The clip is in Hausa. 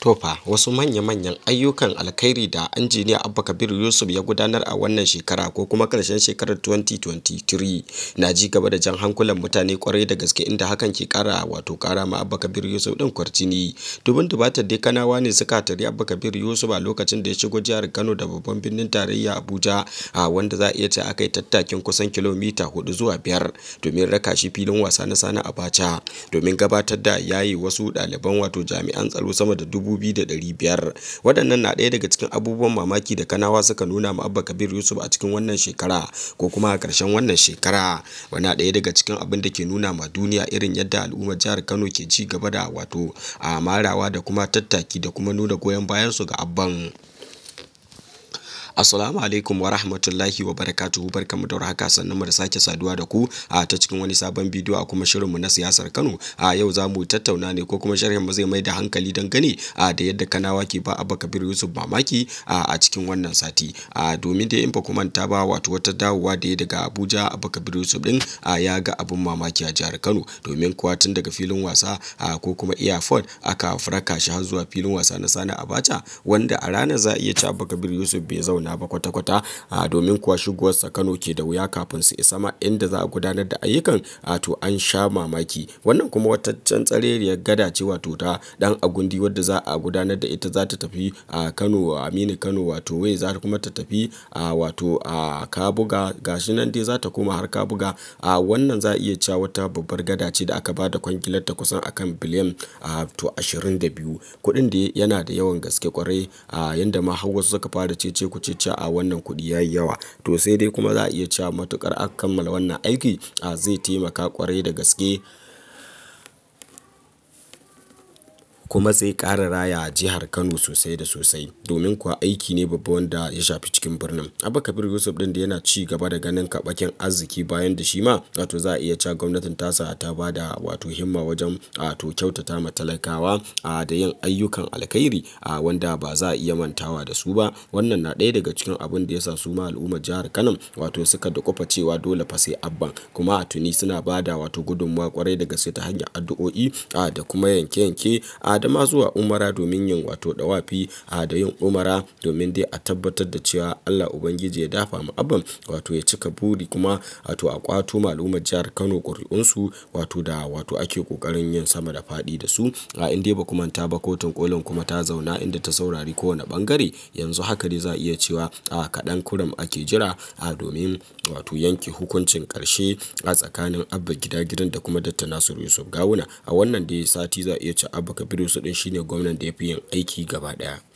tofa wasu manya-manyan ayyukan alkhairi da injiniya abba kabiru yusuf ya gudanar a wannan shekara ko kuma karshen shekarar 2023 na ji gaba da jan hankulan mutane kwarai da gaske inda hakan ke kara wato kara ma abba kabiru yusuf din kwarcini dubin dubatar dai kanawa ne suka tari abba kabir yusuf a lokacin da ya shigo jihar kano da babban birnin tarayya abuja a wanda za a iya ce aka yi tattakin kusan kilomita 4 zuwa 5 domin raka shi filin wasa na sani abacha domin gabatar da yayi wasu ɗaliban wato jami'an tsaro sama da dubu 2500 waɗannan na ɗaya daga cikin abubuwan mamaki da kanawa suka nuna ma abba kabir yusuf a cikin wannan shekara ko kuma a ƙarshen wannan shekara wani ɗaya daga cikin abin da ke nuna ma duniya irin yadda al'ummar jihar kano ke ci gaba da wato a marawa da kuma tattaki da kuma nuna goyon bayansu ga abban Assalamu alaikum wa rahmatullahi wa barakatuhu barkamu da haka sannan mu da sake saduwa da ku a ta cikin wani sabon bidiyo a kuma shirinmu na siyasar Kano a yau za mu tattauna ne ko kuma sharhin mu zai mai da hankali dangane a da yadda Kanawa ke ba Abba Kabir Yusuf mamaki a cikin wannan sati a domin da in ba ku manta ba wato wata dawowa da ya daga Abuja Abba Kabir Yusuf din a ya ga abin mamaki a jihar Kano domin kuwa tun daga filin wasa a ko kuma Ford aka faraka shi har zuwa filin wasa na Sani Abacha wanda a ranar za a iya ci Abba Kabir Yusuf bai zauna ba kwata-kwata domin kuwa shigowarsa Kano ke da wuya kafin su isa ma inda za a gudanar da ayyukan to an sha mamaki wannan kuma wata can tsareriyar gada ce wato ta dan agundi wadda za a gudanar da ita za ta tafi a Kano Aminu Kano wato wai za kuma ta tafi a wato a Kabuga gashi nan dai za ta koma har Kabuga a wannan za a iya cewa wata babbar gada ce da aka ba da kwangilar ta kusan akan biliyan a to 22 kuɗin da yana da yawan gaske kwarai a yanda ma har wasu suka fara cece ku ce. ce cewa a wannan kuɗi ya yawa. To sai dai kuma za a iya cewa matukar a kammala wannan aiki a zai taimaka kwarai da gaske. kuma zai ƙara raya jihar Kano sosai da sosai domin kuwa aiki ne babba wanda ya shafi cikin birnin. Abba Kabir Yusuf ɗin da yana ci gaba da ganin kabakin arziki bayan da shi ma wato za a iya ca gwamnatin tasa ta ba da wato himma wajen kyautata ma talakawa a da yin ayyukan alkhairi a wanda ba za a iya mantawa da su ba wannan na ɗaya daga cikin abin da ya sa su ma al'ummar jihar Kano wato suka da kofa cewa dole fa sai abban kuma a tuni suna ba da wato gudunmawa kwarai da gaske ta hanyar addu'o'i a da kuma yanke-yanke a adama zuwa umara domin yin wato dawafi a da yin umara domin dai a tabbatar da cewa allah ubangiji ya dafa mu abin wato ya cika buri kuma wato a kwato malumar jihar kano ƙuri'unsu wato da wato ake kokarin yin sama da faɗi da su a inda ba kuma ta ba kotun kolin kuma ta zauna inda ta saurari kowane bangare yanzu haka dai za a iya cewa a kaɗan kuram ake jira a domin wato yanke hukuncin ƙarshe a tsakanin abba gida gidan da kuma datta nasiru yusuf gawuna a wannan dai sati za a iya ce abba kabiru Yusuf din shine gwamnan da ya yin aiki gaba ɗaya.